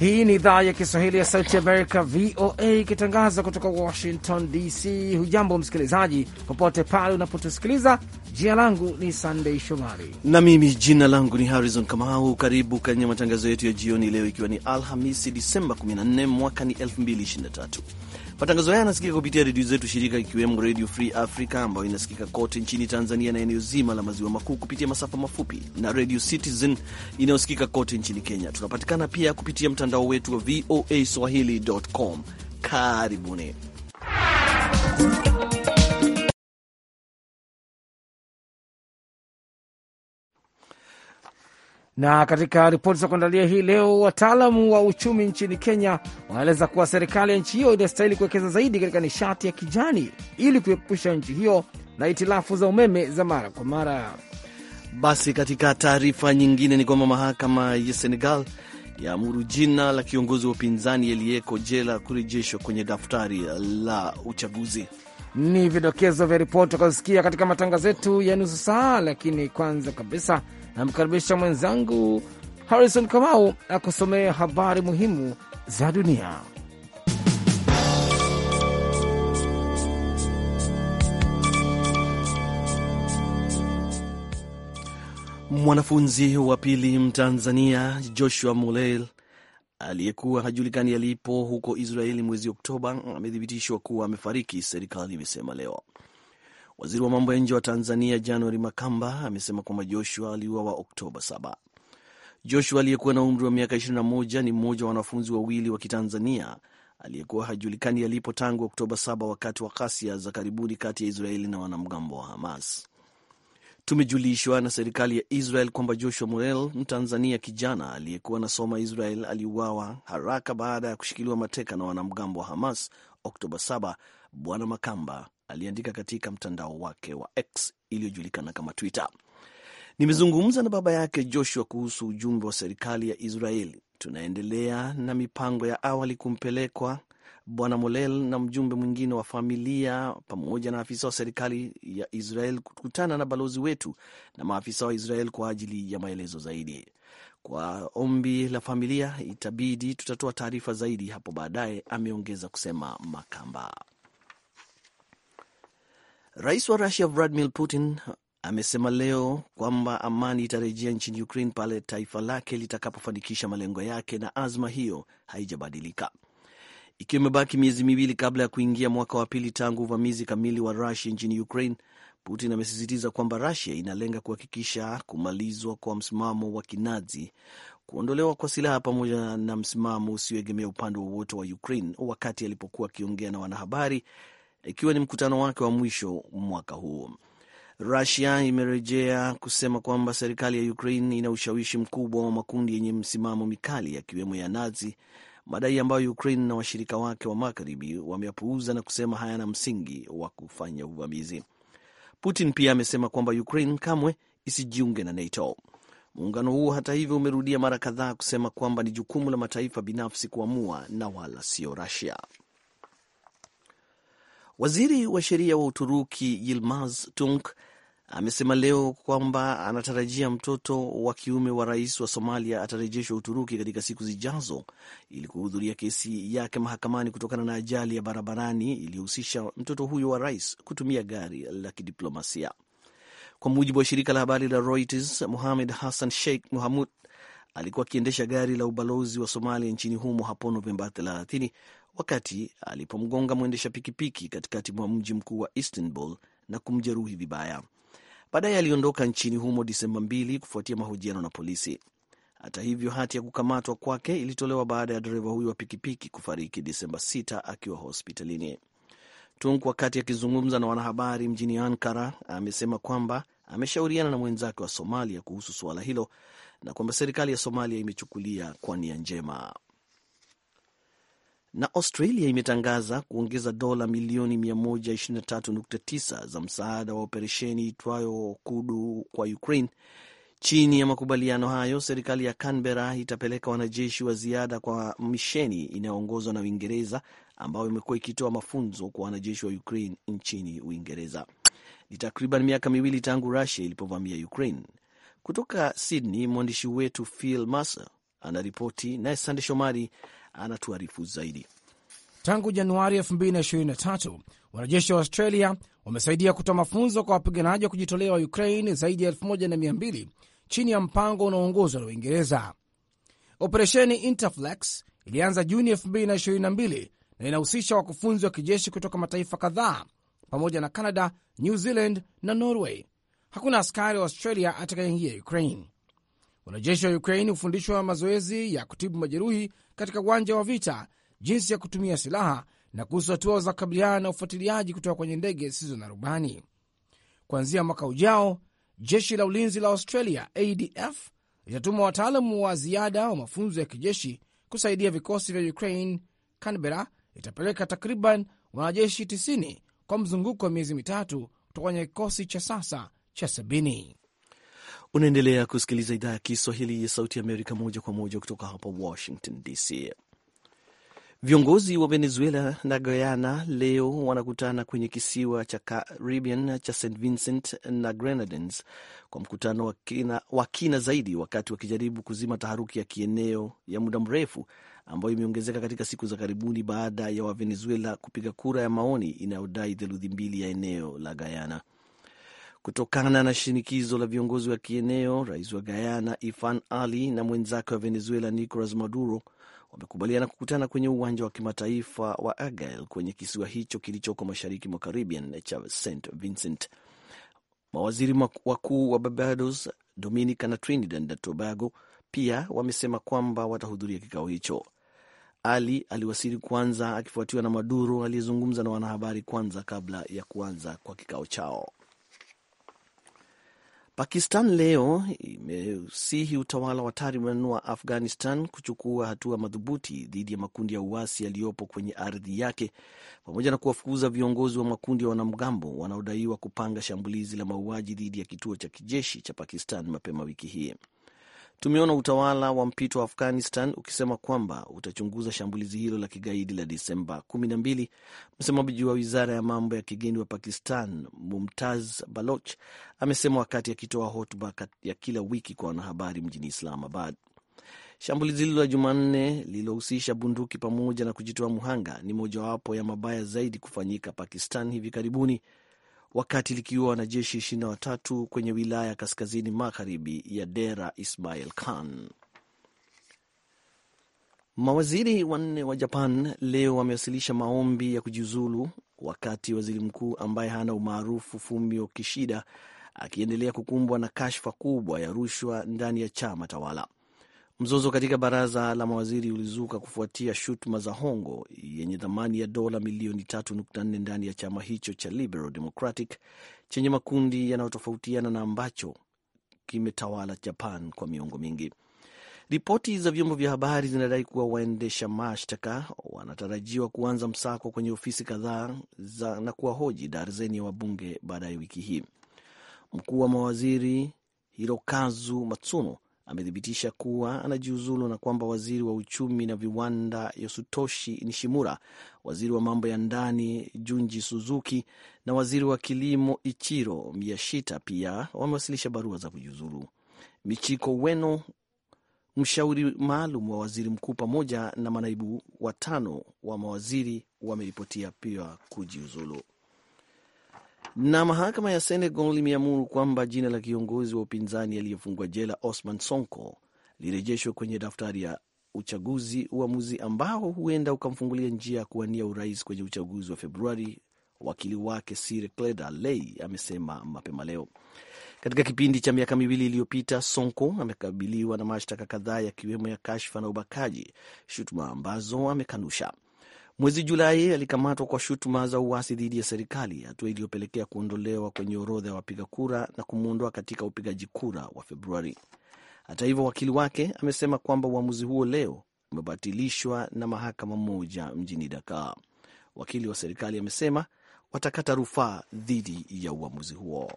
Hii ni idhaa ya Kiswahili ya Sauti Amerika, VOA, ikitangaza kutoka Washington DC. Hujambo msikilizaji, popote pale unapotusikiliza. Jina langu ni Sandei Shomari na mimi jina langu ni Harrison Kamau. Karibu kwenye matangazo yetu ya jioni leo, ikiwa ni Alhamisi Disemba 14 mwaka ni 2023 Matangazo haya yanasikika kupitia redio zetu shirika, ikiwemo redio Free Africa ambayo inasikika kote nchini Tanzania na eneo zima la maziwa makuu kupitia masafa mafupi na Radio Citizen inayosikika kote nchini Kenya. Tunapatikana pia kupitia mtandao wetu wa VOA Swahili.com. Karibuni. Na katika ripoti za kuandalia hii leo, wataalamu wa uchumi nchini Kenya wanaeleza kuwa serikali ya nchi hiyo inastahili kuwekeza zaidi katika nishati ya kijani ili kuepusha nchi hiyo na hitilafu za umeme za mara kwa mara. Basi katika taarifa nyingine ni kwamba mahakama ya Senegal yaamuru jina la kiongozi wa upinzani yaliyeko jela kurejeshwa kwenye daftari la uchaguzi. Ni vidokezo vya ripoti utakazosikia katika matangazo yetu ya nusu saa, lakini kwanza kabisa namkaribisha mwenzangu Harrison Kamau akusomea habari muhimu za dunia. Mwanafunzi wa pili Mtanzania Joshua Mulel aliyekuwa hajulikani alipo huko Israeli mwezi Oktoba amethibitishwa kuwa amefariki, serikali imesema leo. Waziri wa mambo ya nje wa Tanzania January Makamba amesema kwamba Joshua aliuawa Oktoba 7. Joshua aliyekuwa na umri wa miaka 21 ni mmoja wa wanafunzi wawili wa Kitanzania aliyekuwa hajulikani alipo tangu Oktoba 7 wakati wa ghasia za karibuni kati ya Israeli na wanamgambo wa Hamas. Tumejulishwa na serikali ya Israel kwamba Joshua morel Mtanzania kijana aliyekuwa anasoma Israel, aliuawa haraka baada ya kushikiliwa mateka na wanamgambo wa Hamas Oktoba 7, Bwana Makamba aliandika katika mtandao wake wa X iliyojulikana kama Twitter. Nimezungumza na baba yake Joshua kuhusu ujumbe wa serikali ya Israeli. Tunaendelea na mipango ya awali kumpelekwa Bwana Molel na mjumbe mwingine wa familia pamoja na afisa wa serikali ya Israel kukutana na balozi wetu na maafisa wa Israel kwa ajili ya maelezo zaidi. Kwa ombi la familia, itabidi tutatoa taarifa zaidi hapo baadaye, ameongeza kusema Makamba. Rais wa Rusia Vladimir Putin amesema leo kwamba amani itarejea nchini Ukraine pale taifa lake litakapofanikisha malengo yake, na azma hiyo haijabadilika. Ikiwa imebaki miezi miwili kabla ya kuingia mwaka wa pili tangu uvamizi kamili wa Rusia nchini Ukraine, Putin amesisitiza kwamba Rusia inalenga kuhakikisha kumalizwa kwa msimamo wa kinazi, kuondolewa kwa silaha pamoja na msimamo usioegemea upande wowote wa Ukraine, wakati alipokuwa akiongea na wanahabari ikiwa ni mkutano wake wa mwisho mwaka huu. Rusia imerejea kusema kwamba serikali ya Ukraine ina ushawishi mkubwa wa makundi yenye msimamo mikali yakiwemo ya Nazi, madai ambayo Ukraine na washirika wake wa magharibi wameyapuuza na kusema hayana msingi wa kufanya uvamizi. Putin pia amesema kwamba Ukraine kamwe isijiunge na NATO. Muungano huo hata hivyo umerudia mara kadhaa kusema kwamba ni jukumu la mataifa binafsi kuamua na wala sio Rusia. Waziri wa sheria wa Uturuki Yilmaz Tunk amesema leo kwamba anatarajia mtoto wa kiume wa rais wa Somalia atarejeshwa Uturuki katika siku zijazo ili kuhudhuria kesi yake mahakamani kutokana na ajali ya barabarani iliyohusisha mtoto huyo wa rais kutumia gari la kidiplomasia. Kwa mujibu wa shirika la habari la Reuters, muhamed Hassan Sheikh muhamud alikuwa akiendesha gari la ubalozi wa Somalia nchini humo hapo Novemba wakati alipomgonga mwendesha pikipiki katikati mwa mji mkuu wa Istanbul na kumjeruhi vibaya. Baadaye aliondoka nchini humo Disemba 2 kufuatia mahojiano na polisi. Hata hivyo, hati ya kukamatwa kwake ilitolewa baada ya dereva huyo wa pikipiki kufariki Disemba 6 akiwa hospitalini. Tunk, wakati akizungumza na wanahabari mjini Ankara, amesema kwamba ameshauriana na mwenzake wa Somalia kuhusu suala hilo na kwamba serikali ya Somalia imechukulia kwa nia njema na Australia imetangaza kuongeza dola milioni 123.9 za msaada wa operesheni itwayo Kudu kwa Ukraine. Chini ya makubaliano hayo, serikali ya Canberra itapeleka wanajeshi wa ziada kwa misheni inayoongozwa na Uingereza ambayo imekuwa ikitoa mafunzo kwa wanajeshi wa Ukraine nchini Uingereza. Ni takriban miaka miwili tangu Rusia ilipovamia Ukraine. Kutoka Sydney, mwandishi wetu Phil Masse anaripoti, naye Sande Shomari anatuarifu zaidi. Tangu Januari 2023 wanajeshi wa Australia wamesaidia kutoa mafunzo kwa wapiganaji wa kujitolea wa Ukraine zaidi ya 1200 chini ya mpango unaoongozwa na Uingereza. Operesheni Interflex ilianza Juni 2022 na inahusisha wakufunzi wa kijeshi kutoka mataifa kadhaa pamoja na Canada, New Zealand na Norway. Hakuna askari wa Australia atakayeingia Ukraine. Wanajeshi wa Ukraine hufundishwa mazoezi ya kutibu majeruhi katika uwanja wa vita, jinsi ya kutumia silaha na kuhusu hatua za kukabiliana na ufuatiliaji kutoka kwenye ndege zisizo na rubani. Kuanzia mwaka ujao, jeshi la ulinzi la Australia ADF litatuma wataalamu wa ziada wa mafunzo ya kijeshi kusaidia vikosi vya Ukraine. Canberra itapeleka takriban wanajeshi 90 kwa mzunguko wa miezi mitatu kutoka kwenye kikosi cha sasa cha sabini. Unaendelea kusikiliza idhaa ya Kiswahili ya Sauti ya Amerika moja kwa moja kutoka hapa Washington DC. Viongozi wa Venezuela na Guyana leo wanakutana kwenye kisiwa cha Caribbean cha St Vincent na Grenadines kwa mkutano wa kina, wa kina zaidi, wakati wakijaribu kuzima taharuki ya kieneo ya muda mrefu ambayo imeongezeka katika siku za karibuni baada ya Wavenezuela kupiga kura ya maoni inayodai theluthi mbili ya eneo la Guyana. Kutokana na shinikizo la viongozi wa kieneo, rais wa Guyana Ifan Ali na mwenzake wa Venezuela Nicolas Maduro wamekubaliana kukutana kwenye uwanja wa kimataifa wa agail kwenye kisiwa hicho kilichoko mashariki mwa Caribbean cha St Vincent. Mawaziri wakuu wa Barbados, Dominica na Trinidad na Tobago pia wamesema kwamba watahudhuria kikao hicho. Ali aliwasili kwanza akifuatiwa na Maduro aliyezungumza na wanahabari kwanza kabla ya kuanza kwa kikao chao. Pakistan leo imeusihi utawala wa Taliban wa Afghanistan kuchukua hatua madhubuti dhidi ya makundi ya uasi yaliyopo kwenye ardhi yake pamoja na kuwafukuza viongozi wa makundi ya wanamgambo wanaodaiwa kupanga shambulizi la mauaji dhidi ya kituo cha kijeshi cha Pakistan mapema wiki hii. Tumeona utawala wa mpito wa Afghanistan ukisema kwamba utachunguza shambulizi hilo la kigaidi la Disemba 12. Msemaji wa wizara ya mambo ya kigeni wa Pakistan, Mumtaz Baloch, amesema wakati akitoa hotuba ya kila wiki kwa wanahabari mjini Islamabad. Shambulizi hilo la Jumanne lililohusisha bunduki pamoja na kujitoa muhanga ni mojawapo ya mabaya zaidi kufanyika Pakistan hivi karibuni wakati likiwa wanajeshi 23 kwenye wilaya ya kaskazini magharibi ya Dera Ismail Khan. Mawaziri wanne wa Japan leo wamewasilisha maombi ya kujiuzulu, wakati waziri mkuu ambaye hana umaarufu Fumio Kishida akiendelea kukumbwa na kashfa kubwa ya rushwa ndani ya chama tawala. Mzozo katika baraza la mawaziri ulizuka kufuatia shutuma za hongo yenye thamani ya dola milioni 3.4 ndani ya chama hicho cha Liberal Democratic chenye makundi yanayotofautiana na ambacho kimetawala Japan kwa miongo mingi. Ripoti za vyombo vya habari zinadai kuwa waendesha mashtaka wanatarajiwa kuanza msako kwenye ofisi kadhaa na kuwahoji darzeni ya wabunge baadaye wiki hii. Mkuu wa mawaziri Hirokazu Matsuno amethibitisha kuwa anajiuzulu na kwamba waziri wa uchumi na viwanda Yosutoshi Nishimura, waziri wa mambo ya ndani Junji Suzuki na waziri wa kilimo Ichiro Miyashita pia wamewasilisha barua za kujiuzulu. Michiko Weno, mshauri maalum wa waziri mkuu, pamoja na manaibu watano wa mawaziri wameripotia pia kujiuzulu. Na mahakama ya Senegal imeamuru kwamba jina la kiongozi wa upinzani aliyefungwa jela Osman Sonko lirejeshwe kwenye daftari ya uchaguzi, uamuzi ambao huenda ukamfungulia njia ya kuwania urais kwenye uchaguzi wa Februari. Wakili wake Sir Cleda Ley amesema mapema leo. Katika kipindi cha miaka miwili iliyopita, Sonko amekabiliwa na mashtaka kadhaa yakiwemo ya kashfa na ubakaji, shutuma ambazo amekanusha. Mwezi Julai alikamatwa kwa shutuma za uasi dhidi ya serikali, hatua iliyopelekea kuondolewa kwenye orodha ya wapiga kura na kumwondoa katika upigaji kura wa Februari. Hata hivyo, wakili wake amesema kwamba uamuzi huo leo umebatilishwa na mahakama moja mjini Dakar. Wakili wa serikali amesema watakata rufaa dhidi ya uamuzi huo.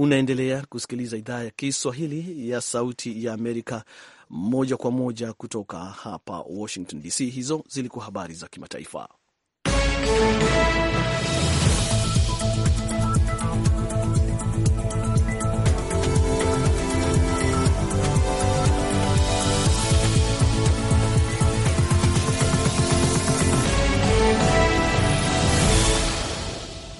Unaendelea kusikiliza idhaa ya Kiswahili ya Sauti ya Amerika moja kwa moja kutoka hapa Washington DC. Hizo zilikuwa habari za kimataifa.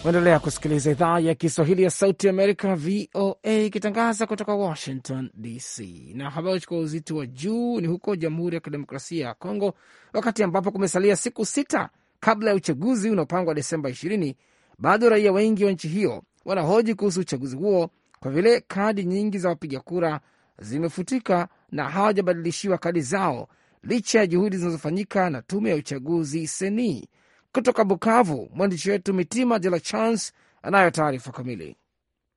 Unaendelea kusikiliza idhaa ya Kiswahili ya Sauti Amerika, VOA, ikitangaza kutoka Washington DC. Na habari chukua uzito wa juu ni huko Jamhuri ya Kidemokrasia ya Kongo, wakati ambapo kumesalia siku sita kabla ya uchaguzi unaopangwa Desemba 20, bado raia wengi wa nchi hiyo wanahoji kuhusu uchaguzi huo kwa vile kadi nyingi za wapiga kura zimefutika na hawajabadilishiwa kadi zao licha ya juhudi zinazofanyika na tume ya uchaguzi seni kutoka Bukavu, mwandishi wetu Mitima De La Chance anayo taarifa kamili.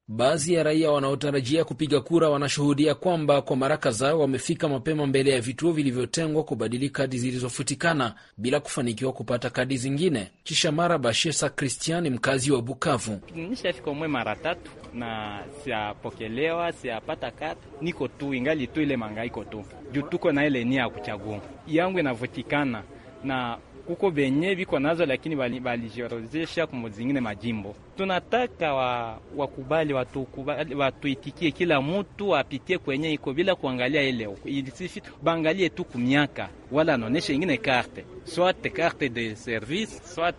Baadhi ya raia wanaotarajia kupiga kura wanashuhudia kwamba kwa mara kadhaa wamefika mapema mbele ya vituo vilivyotengwa kubadili kadi zilizofutikana bila kufanikiwa kupata kadi zingine. Kisha mara Bashesa Kristiani, mkazi wa Bukavu: nishafika umwe mara tatu na siapokelewa, siapata kadi, niko tu ingali tu ile mangaiko tu juu tuko na ile nia ya kuchagua yangu inavutikana na kuko benye biko nazo lakini balijiorozesha ku zingine majimbo. Tunataka wa, wakubali watuitikie watu, kila mutu apitie kwenye iko bila kuangalia ile bangalie tu kumiaka wala anaonesha ingine karte soit karte de service soit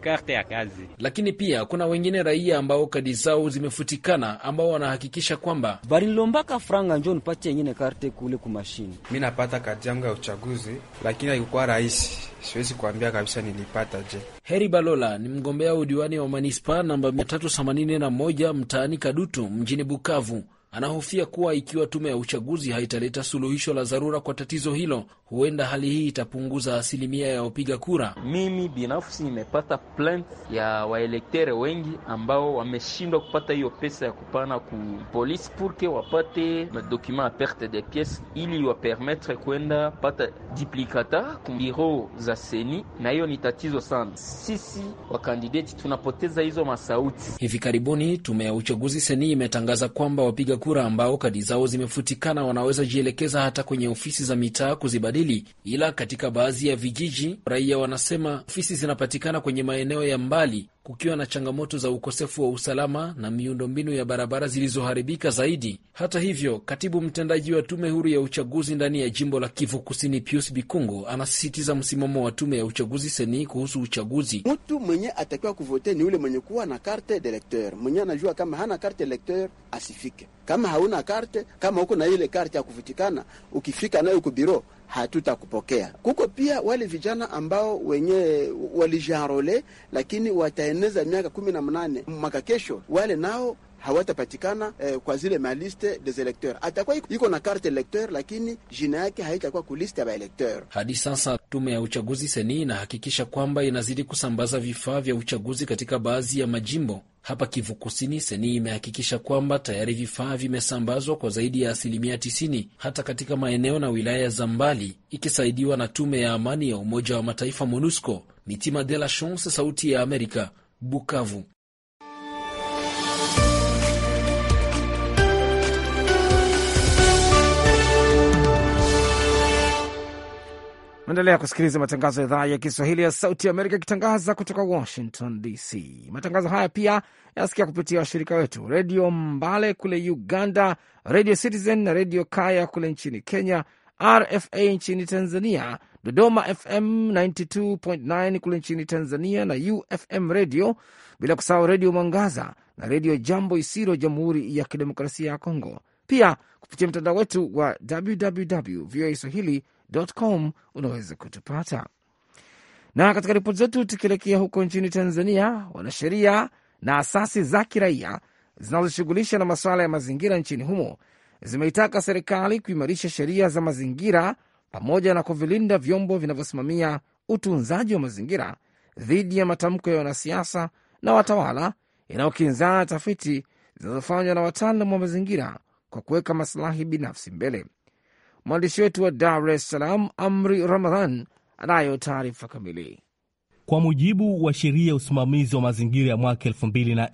karte eh, ya kazi. Lakini pia kuna wengine raia ambao kadi zao zimefutikana ambao wanahakikisha kwamba balilombaka franga njo nipate ingine karte kule kumashini. Mi napata kadi yangu ya uchaguzi, lakini haikuwa rahisi siwezi kuambia kabisa nilipata je. Heri Balola ni mgombea udiwani wa manispaa namba 381 mtaani Kadutu mjini Bukavu. Anahofia kuwa ikiwa tume ya uchaguzi haitaleta suluhisho la dharura kwa tatizo hilo, huenda hali hii itapunguza asilimia ya wapiga kura. Mimi binafsi nimepata plant ya waelektere wengi ambao wameshindwa kupata hiyo pesa ya kupana ku polisi purke wapate madokuma ya perte de piece, ili wapermetre kwenda pata diplikata ku biro za seni, na hiyo ni tatizo sana. Sisi wakandideti tunapoteza hizo masauti. Hivi karibuni tume ya uchaguzi seni imetangaza kwamba wapiga kura ambao kadi zao zimefutikana wanaweza jielekeza hata kwenye ofisi za mitaa kuzibadili, ila katika baadhi ya vijiji raia wanasema ofisi zinapatikana kwenye maeneo ya mbali kukiwa na changamoto za ukosefu wa usalama na miundombinu ya barabara zilizoharibika zaidi. Hata hivyo, katibu mtendaji wa tume huru ya uchaguzi ndani ya jimbo la Kivu Kusini, Pius Bikungo, anasisitiza msimamo wa tume ya uchaguzi seni kuhusu uchaguzi. Mtu mwenye atakiwa kuvote ni ule mwenye kuwa na karte delekteur, mwenye anajua kama hana karte elekteur asifike. Kama hauna karte, kama uko na ile karte ya kuvutikana, ukifika nayo kubiro hatutakupokea. Kuko pia wale vijana ambao wenye walijarole, lakini wataeneza miaka kumi na mnane mwaka kesho, wale nao hawatapatikana eh, kwa zile maliste des electeurs. Atakuwa iko na carte electeur, lakini jina yake haitakuwa kuliste ya baelecteur. Hadi sasa tume ya uchaguzi seni inahakikisha kwamba inazidi kusambaza vifaa vya uchaguzi katika baadhi ya majimbo hapa Kivu Kusini, seni imehakikisha kwamba tayari vifaa vimesambazwa kwa zaidi ya asilimia 90 hata katika maeneo na wilaya za mbali, ikisaidiwa na tume ya amani ya Umoja wa Mataifa MONUSCO. Mitima de la Chance, Sauti ya Amerika, Bukavu. Naendelea kusikiliza matangazo ya idhaa ya Kiswahili ya Sauti Amerika ikitangaza kutoka Washington DC. Matangazo haya pia yanasikia kupitia washirika wetu Redio Mbale kule Uganda, Redio Citizen na Redio Kaya kule nchini Kenya, RFA nchini Tanzania, Dodoma FM 92.9 kule nchini Tanzania na UFM Redio, bila kusahau Redio Mwangaza na Redio Jambo Isiro, Jamhuri ya Kidemokrasia ya Kongo, pia kupitia mtandao wetu wa www voa swahili com unaweza kutupata. Na katika ripoti zetu, tukielekea huko nchini Tanzania, wanasheria na asasi za kiraia zinazoshughulisha na masuala ya mazingira nchini humo zimeitaka serikali kuimarisha sheria za mazingira pamoja na kuvilinda vyombo vinavyosimamia utunzaji wa mazingira dhidi ya matamko ya wanasiasa na watawala yanayokinzana tafiti zinazofanywa na wataalam wa mazingira kwa kuweka masilahi binafsi mbele. Mwandishi wetu wa Dar es Salaam, Amri Ramadhan, anayo taarifa kamili. Kwa mujibu wa sheria ya usimamizi wa mazingira ya mwaka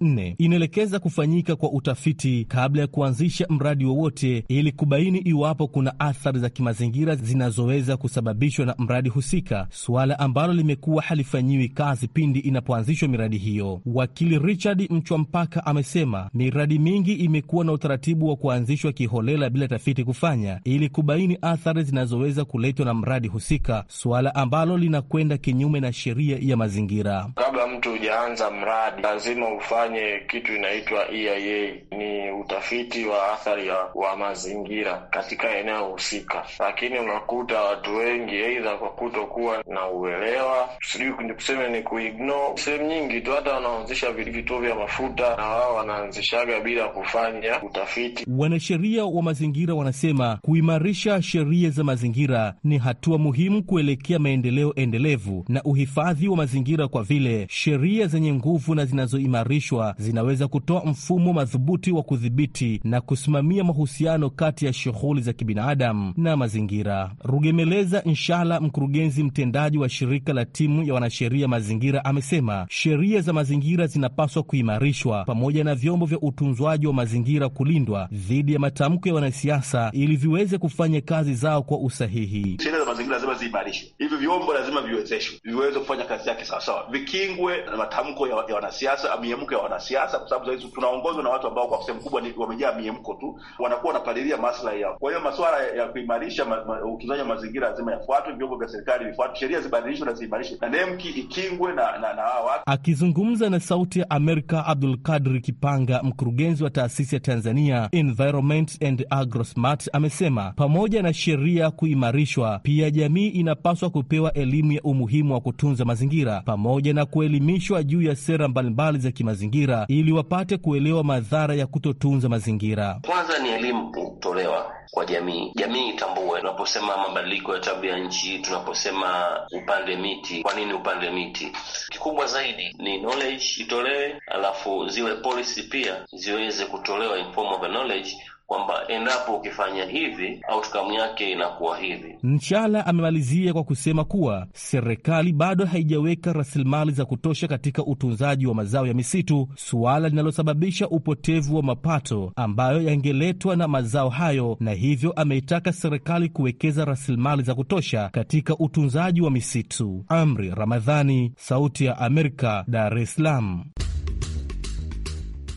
nne inaelekeza kufanyika kwa utafiti kabla ya kuanzisha mradi wowote ili kubaini iwapo kuna athari za kimazingira zinazoweza kusababishwa na mradi husika, suala ambalo limekuwa halifanyiwi kazi pindi inapoanzishwa miradi hiyo. Wakili Richard Mchwampaka amesema miradi mingi imekuwa na utaratibu wa kuanzishwa kiholela bila tafiti kufanya ili kubaini athari zinazoweza kuletwa na mradi husika, suala ambalo linakwenda kinyume na sheria ya mazingira. Kabla mtu hujaanza mradi, lazima ufanye kitu inaitwa EIA, ni utafiti wa athari ya, wa mazingira katika eneo husika, lakini unakuta watu wengi aidha kwa kutokuwa na uelewa, sijui kuseme ni kuignore. Sehemu nyingi tu hata wanaanzisha vituo vya mafuta na wao wanaanzishaga bila kufanya utafiti. Wanasheria wa mazingira wanasema kuimarisha sheria za mazingira ni hatua muhimu kuelekea maendeleo endelevu na uhifadhi wa mazingira, kwa vile sheria zenye nguvu na zinazoimarishwa zinaweza kutoa mfumo madhubuti wa kudhibiti na kusimamia mahusiano kati ya shughuli za kibinadamu na mazingira. Rugemeleza Nshala, mkurugenzi mtendaji wa shirika la timu ya wanasheria mazingira, amesema sheria za mazingira zinapaswa kuimarishwa pamoja na vyombo vya utunzwaji wa mazingira kulindwa dhidi ya matamko ya wanasiasa ili viweze kufanya kazi zao kwa usahihi. Sheria za mazingira lazima ziimarishwe, vyombo lazima viwezeshwe viweze kufanya kazi kazi yake sawasawa, vikingwe na matamko ya, ya wanasiasa, miemko ya wanasiasa, kwa sababu sahizi tunaongozwa na watu ambao kwa sehemu kubwa wamejaa miemko tu, wanakuwa wanapalilia maslahi yao. Kwa hiyo masuala ya kuimarisha ma, ma, utunzaji wa mazingira lazima yafuatwe, vyombo vya serikali vifuatwe, sheria zibadilishwe na ziimarishwe na nemki ikingwe na na, na hawa watu. Akizungumza na Sauti ya Amerika, Abdul Kadri Kipanga, mkurugenzi wa taasisi ya Tanzania Environment and Agrosmart, amesema pamoja na sheria kuimarishwa, pia jamii inapaswa kupewa elimu ya umuhimu wa kutunza mazingira mazingira pamoja na kuelimishwa juu ya sera mbalimbali za kimazingira ili wapate kuelewa madhara ya kutotunza mazingira. Kwanza ni elimu kutolewa kwa jamii, jamii itambue. Tunaposema mabadiliko ya tabia nchi, tunaposema upande miti, kwa nini upande miti? Kikubwa zaidi ni knowledge itolewe, alafu ziwe policy pia ziweze kutolewa in form of knowledge kwamba endapo ukifanya hivi outcome yake inakuwa hivi. Nchala amemalizia kwa kusema kuwa serikali bado haijaweka rasilimali za kutosha katika utunzaji wa mazao ya misitu, suala linalosababisha upotevu wa mapato ambayo yangeletwa na mazao hayo, na hivyo ameitaka serikali kuwekeza rasilimali za kutosha katika utunzaji wa misitu. Amri Ramadhani, Sauti ya Amerika, Dar es Salaam.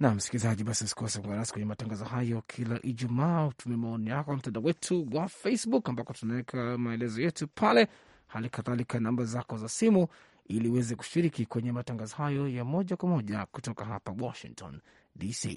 na msikilizaji, basi usikose kuungana nasi kwenye matangazo hayo kila Ijumaa. Utume maoni yako kwa mtandao wetu wa Facebook ambako tunaweka maelezo yetu pale, hali kadhalika namba zako za simu ili uweze kushiriki kwenye matangazo hayo ya moja kwa moja kutoka hapa Washington DC.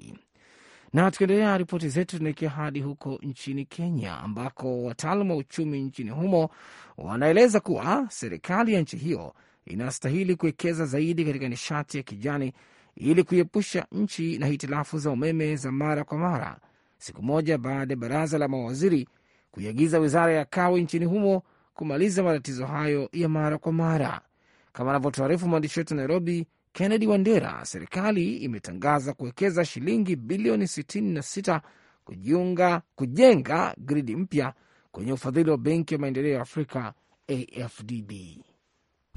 Na tukiendelea ripoti zetu, tunaelekea hadi huko nchini Kenya ambako wataalam wa uchumi nchini humo wanaeleza kuwa serikali ya nchi hiyo inastahili kuwekeza zaidi katika nishati ya kijani ili kuiepusha nchi na hitilafu za umeme za mara kwa mara, siku moja baada ya baraza la mawaziri kuiagiza wizara ya kawi nchini humo kumaliza matatizo hayo ya mara kwa mara. Kama anavyotuarifu mwandishi wetu Nairobi, Kennedy Wandera, serikali imetangaza kuwekeza shilingi bilioni 66 kujiunga kujenga gridi mpya kwenye ufadhili wa benki ya maendeleo ya Afrika, AFDB.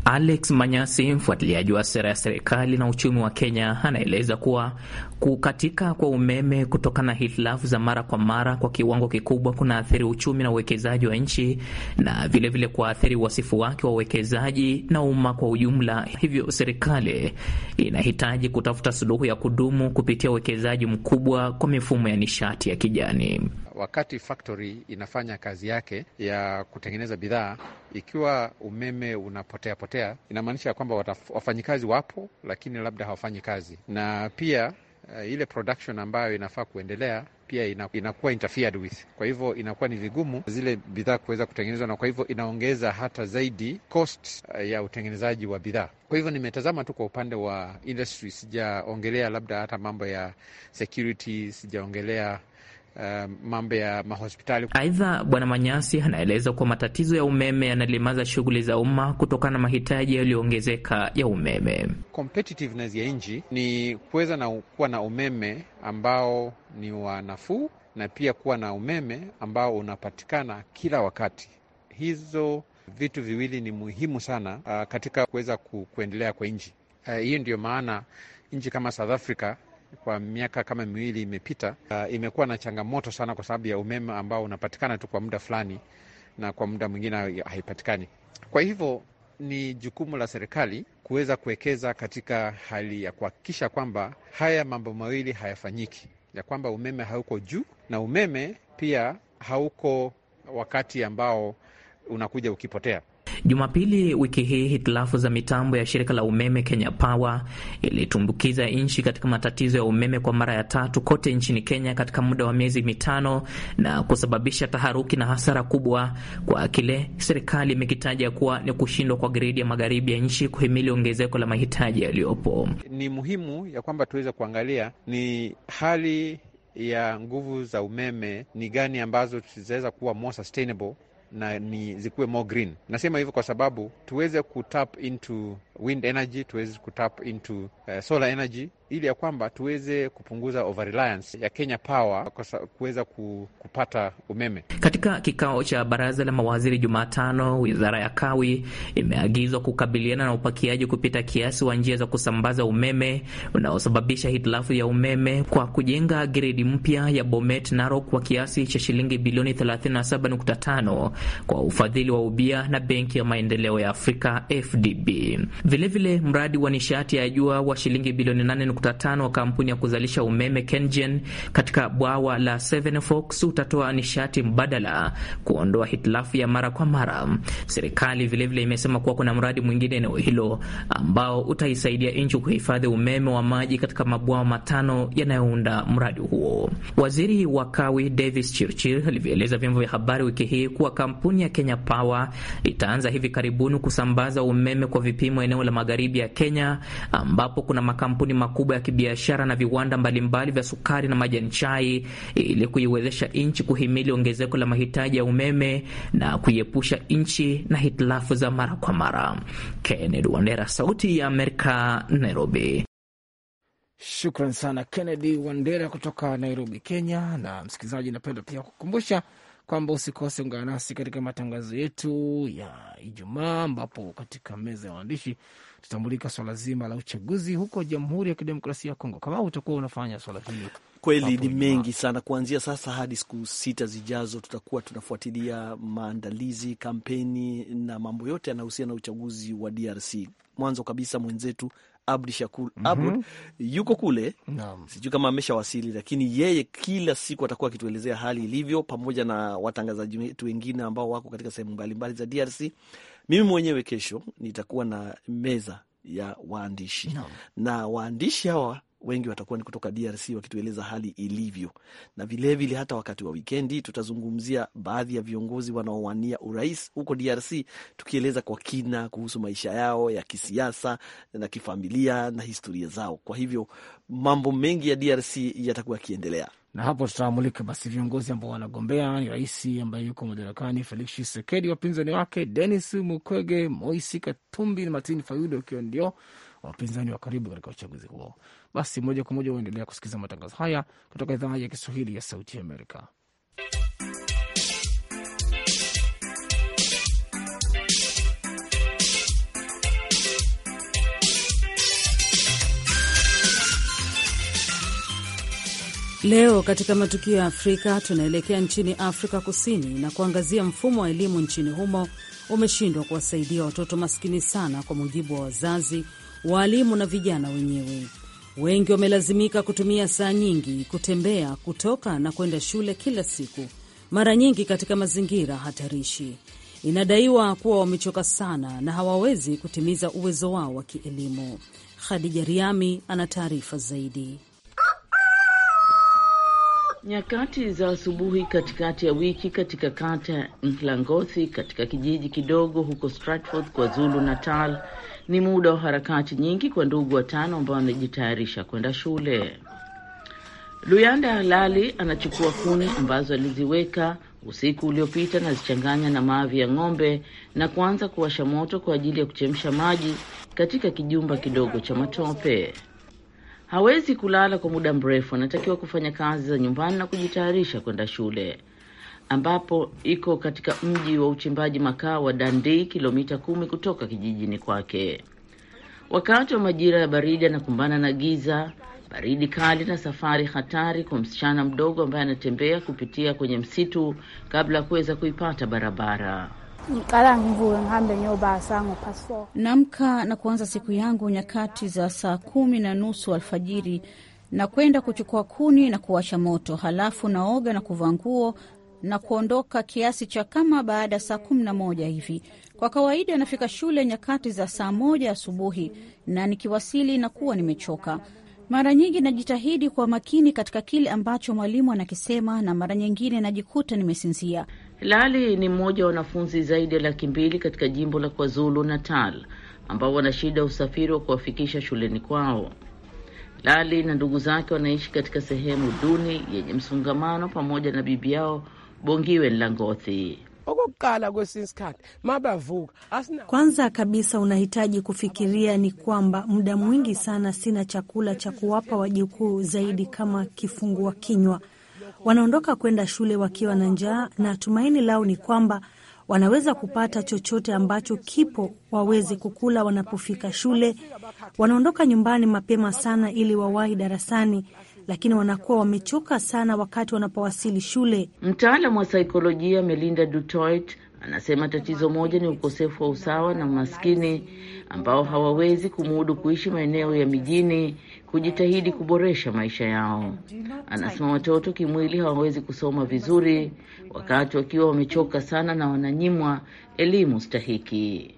Alex Manyasi, mfuatiliaji wa sera ya serikali na uchumi wa Kenya, anaeleza kuwa kukatika kwa umeme kutokana na hitilafu za mara kwa mara kwa kiwango kikubwa kunaathiri uchumi na uwekezaji wa nchi na vilevile kuathiri wasifu wake wa uwekezaji na umma kwa ujumla. Hivyo serikali inahitaji kutafuta suluhu ya kudumu kupitia uwekezaji mkubwa kwa mifumo ya nishati ya kijani wakati factory inafanya kazi yake ya kutengeneza bidhaa, ikiwa umeme unapotea potea, inamaanisha kwamba wafanyikazi wapo, lakini labda hawafanyi kazi, na pia uh, ile production ambayo inafaa kuendelea pia inakuwa interfered with. Kwa hivyo inakuwa ni vigumu zile bidhaa kuweza kutengenezwa, na kwa hivyo inaongeza hata zaidi cost eh, ya utengenezaji wa bidhaa. Kwa hivyo nimetazama tu kwa upande wa industry, sijaongelea labda hata mambo ya security, sijaongelea Uh, mambo ya mahospitali. Aidha, Bwana Manyasi anaeleza kuwa matatizo ya umeme yanalimaza shughuli za umma kutokana na mahitaji yaliyoongezeka ya umeme. Competitiveness ya nchi ni kuweza na kuwa na umeme ambao ni wa nafuu na pia kuwa na umeme ambao unapatikana kila wakati. Hizo vitu viwili ni muhimu sana uh, katika kuweza ku, kuendelea kwa nchi eh, hiyo. Uh, maana nchi kama South Africa kwa miaka kama miwili imepita, uh, imekuwa na changamoto sana kwa sababu ya umeme ambao unapatikana tu kwa muda fulani na kwa muda mwingine haipatikani. Kwa hivyo ni jukumu la serikali kuweza kuwekeza katika hali ya kuhakikisha kwamba haya mambo mawili hayafanyiki, ya kwamba umeme hauko juu na umeme pia hauko wakati ambao unakuja ukipotea. Jumapili wiki hii hitilafu za mitambo ya shirika la umeme Kenya Power ilitumbukiza nchi katika matatizo ya umeme kwa mara ya tatu kote nchini Kenya katika muda wa miezi mitano na kusababisha taharuki na hasara kubwa kwa kile serikali imekitaja kuwa ni kushindwa kwa gridi ya magharibi ya nchi kuhimili ongezeko la mahitaji yaliyopo. Ni muhimu ya kwamba tuweze kuangalia ni hali ya nguvu za umeme ni gani ambazo zitaweza kuwa more sustainable na ni zikuwe more green. Nasema hivyo kwa sababu tuweze kutap into wind energy, tuweze kutap into uh, solar energy ili ya kwamba tuweze kupunguza over reliance ya Kenya Power kuweza kupata umeme. Katika kikao cha baraza la mawaziri Jumatano, wizara ya kawi imeagizwa kukabiliana na upakiaji kupita kiasi wa njia za kusambaza umeme unaosababisha hitilafu ya umeme kwa kujenga gredi mpya ya Bomet Narok kwa kiasi cha shilingi bilioni 37.5 kwa ufadhili wa ubia na Benki ya Maendeleo ya Afrika FDB. Vilevile, mradi wa nishati ya jua wa shilingi bilioni 8.5 wa kampuni ya kuzalisha umeme KenGen katika bwawa la Seven Forks utatoa nishati mbadala, kuondoa hitilafu ya mara kwa mara. Serikali vilevile imesema kuwa kuna mradi mwingine eneo hilo ambao utaisaidia nchi kuhifadhi umeme wa maji katika mabwawa matano yanayounda mradi huo. Waziri wa Kawi Davis Chirchir alivyoeleza vyombo vya habari wiki hii kuwa kampuni ya Kenya Power itaanza hivi karibuni kusambaza umeme kwa vipimo eneo la magharibi ya Kenya, ambapo kuna makampuni makubwa ya kibiashara na viwanda mbalimbali vya sukari na majani chai, ili kuiwezesha nchi kuhimili ongezeko la mahitaji ya umeme na kuiepusha nchi na hitilafu za mara kwa mara. Kennedy Wandera, Sauti ya Amerika, Nairobi. Shukran sana Kennedy Wandera kutoka Nairobi, Kenya. Na msikilizaji, napenda pia kukumbusha kwamba usikose, ungana nasi katika matangazo yetu ya Ijumaa ambapo katika meza ya waandishi tutambulika swala zima la uchaguzi huko Jamhuri ya Kidemokrasia ya Kongo. Kama utakuwa unafanya swala hili kweli ni mengi sana. Kuanzia sasa hadi siku sita zijazo, tutakuwa tunafuatilia maandalizi, kampeni na mambo yote yanahusiana na uchaguzi wa DRC. Mwanzo kabisa, mwenzetu Abdi Shakur mhm. Abud mm -hmm. yuko kule sijui kama ameshawasili, lakini yeye kila siku atakuwa akituelezea hali ilivyo, pamoja na watangazaji wetu wengine ambao wako katika sehemu mbalimbali za DRC. Mimi mwenyewe kesho nitakuwa na meza ya waandishi no. na waandishi hawa wengi watakuwa ni kutoka DRC wakitueleza hali ilivyo, na vilevile hata wakati wa wikendi tutazungumzia baadhi ya viongozi wanaowania urais huko DRC, tukieleza kwa kina kuhusu maisha yao ya kisiasa na kifamilia na historia zao. Kwa hivyo mambo mengi ya DRC yatakuwa yakiendelea na hapo tutaamulika basi viongozi ambao wanagombea ni rais ambaye yuko madarakani Felix Tshisekedi, wapinzani wake Denis Mukwege, moisi Katumbi na Martin Fayulu, wakiwa ndio wapinzani wa karibu katika uchaguzi huo. Basi moja kwa moja waendelea kusikiliza matangazo haya kutoka idhaa ya Kiswahili ya Sauti Amerika. Leo katika matukio ya Afrika tunaelekea nchini Afrika Kusini na kuangazia mfumo wa elimu nchini humo umeshindwa kuwasaidia watoto maskini sana, kwa mujibu wa wazazi waalimu na vijana wenyewe. Wengi wamelazimika kutumia saa nyingi kutembea kutoka na kwenda shule kila siku, mara nyingi katika mazingira hatarishi. Inadaiwa kuwa wamechoka sana na hawawezi kutimiza uwezo wao wa kielimu. Khadija Riami ana taarifa zaidi. Nyakati za asubuhi katikati ya wiki katika kata ya Mhlangothi katika kijiji kidogo huko Stratford, KwaZulu Natal, ni muda wa harakati nyingi kwa ndugu watano ambao wanajitayarisha kwenda shule. Luyanda Halali anachukua kuni ambazo aliziweka usiku uliopita, nazichanganya na maavi ya ng'ombe na kuanza kuwasha moto kwa ajili ya kuchemsha maji katika kijumba kidogo cha matope. Hawezi kulala kwa muda mrefu, anatakiwa kufanya kazi za nyumbani na kujitayarisha kwenda shule ambapo iko katika mji wa uchimbaji makaa wa Dundee, kilomita kumi kutoka kijijini kwake. Wakati wa majira ya baridi anakumbana na giza, baridi kali na safari hatari kwa msichana mdogo ambaye anatembea kupitia kwenye msitu kabla ya kuweza kuipata barabara. Namka na kuanza siku yangu nyakati za saa kumi na nusu alfajiri na kwenda kuchukua kuni na kuwasha moto, halafu naoga na kuvaa nguo na kuondoka kiasi cha kama baada ya saa kumi na moja hivi. Kwa kawaida nafika shule nyakati za saa moja asubuhi, na nikiwasili nakuwa nimechoka. Mara nyingi najitahidi kwa makini katika kile ambacho mwalimu anakisema, na mara nyingine najikuta nimesinzia. Lali ni mmoja wa wanafunzi zaidi ya laki mbili katika jimbo la KwaZulu Natal ambao wana shida usafiri wa kuwafikisha shuleni kwao. Lali na ndugu zake wanaishi katika sehemu duni yenye msongamano pamoja na bibi yao Bongiwe Nlangothi. Okokuqala kwesinye isikhathi mabavuka. Kwanza kabisa unahitaji kufikiria ni kwamba muda mwingi sana sina chakula cha kuwapa wajukuu zaidi kama kifungua kinywa. Wanaondoka kwenda shule wakiwa na njaa, na tumaini lao ni kwamba wanaweza kupata chochote ambacho kipo waweze kukula wanapofika shule. Wanaondoka nyumbani mapema sana ili wawahi darasani, lakini wanakuwa wamechoka sana wakati wanapowasili shule. Mtaalamu wa saikolojia Melinda Dutoit anasema tatizo moja ni ukosefu wa usawa na umaskini ambao hawawezi kumudu kuishi maeneo ya mijini kujitahidi kuboresha maisha yao. Anasema watoto kimwili hawawezi kusoma vizuri wakati wakiwa wamechoka sana na wananyimwa elimu stahiki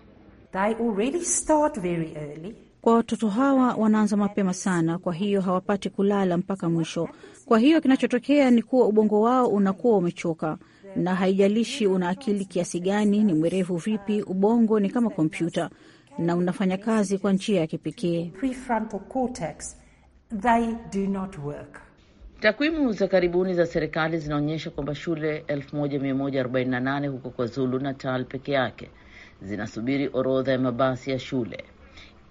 kwa watoto hawa wanaanza mapema sana, kwa hiyo hawapati kulala mpaka mwisho. Kwa hiyo kinachotokea ni kuwa ubongo wao unakuwa umechoka, na haijalishi una akili kiasi gani, ni mwerevu vipi, ubongo ni kama kompyuta na unafanya kazi kwa njia ya kipekee. Takwimu za karibuni za serikali zinaonyesha kwamba shule 1148 huko KwaZulu Natal peke yake zinasubiri orodha ya mabasi ya shule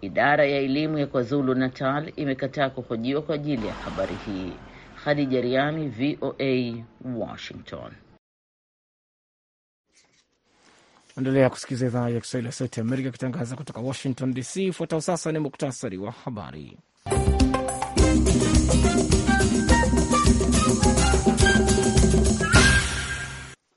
Idara ya elimu ya KwaZulu Natal imekataa kuhojiwa kwa ajili ya habari hii. Khadija Riami, VOA Washington. Endelea kusikiliza idhaa ya Kiswahili ya Sauti ya Amerika ikitangaza kutoka Washington DC. Ufuatao sasa ni muktasari wa habari.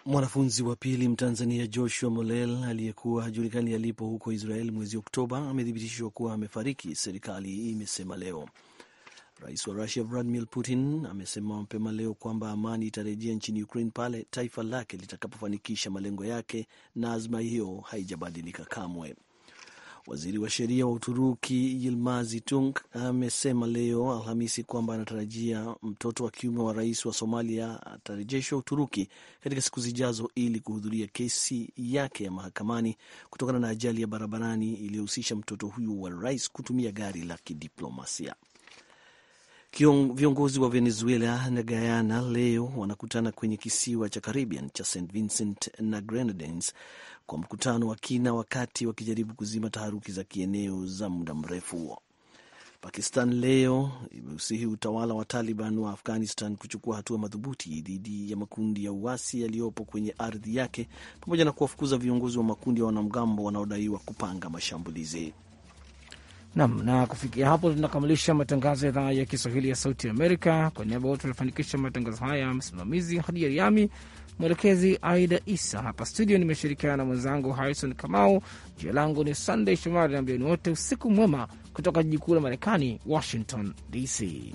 Mwanafunzi wa pili Mtanzania Joshua Molel aliyekuwa hajulikani alipo huko Israel mwezi Oktoba amethibitishwa kuwa amefariki, serikali imesema leo. Rais wa Rusia Vladimir Putin amesema mapema leo kwamba amani itarejea nchini Ukraine pale taifa lake litakapofanikisha malengo yake na azma hiyo haijabadilika kamwe. Waziri wa sheria wa Uturuki Yilmazi Tunk amesema leo Alhamisi kwamba anatarajia mtoto wa kiume wa rais wa Somalia atarejeshwa Uturuki katika siku zijazo ili kuhudhuria kesi yake ya mahakamani kutokana na ajali ya barabarani iliyohusisha mtoto huyu wa rais kutumia gari la kidiplomasia. Viongozi wa Venezuela na Guyana leo wanakutana kwenye kisiwa cha Caribbean cha St Vincent na Grenadines kwa mkutano wa kina wakati wakijaribu kuzima taharuki za kieneo za muda mrefu. Pakistan leo imeusihi utawala wa Taliban wa Afghanistan kuchukua hatua madhubuti dhidi ya makundi ya uasi yaliyopo kwenye ardhi yake pamoja na kuwafukuza viongozi wa makundi ya wanamgambo wanaodaiwa kupanga mashambulizi. Nam na kufikia hapo, tunakamilisha matangazo ya idhaa ya Kiswahili ya Sauti Amerika. Kwa niaba wote wanafanikisha matangazo haya, msimamizi Hadia Riami, mwelekezi Aida Isa. Hapa studio nimeshirikiana na mwenzangu Harrison Kamau. Jina langu ni Sunday Shomari na mbioni wote, usiku mwema kutoka jiji kuu la Marekani, Washington DC.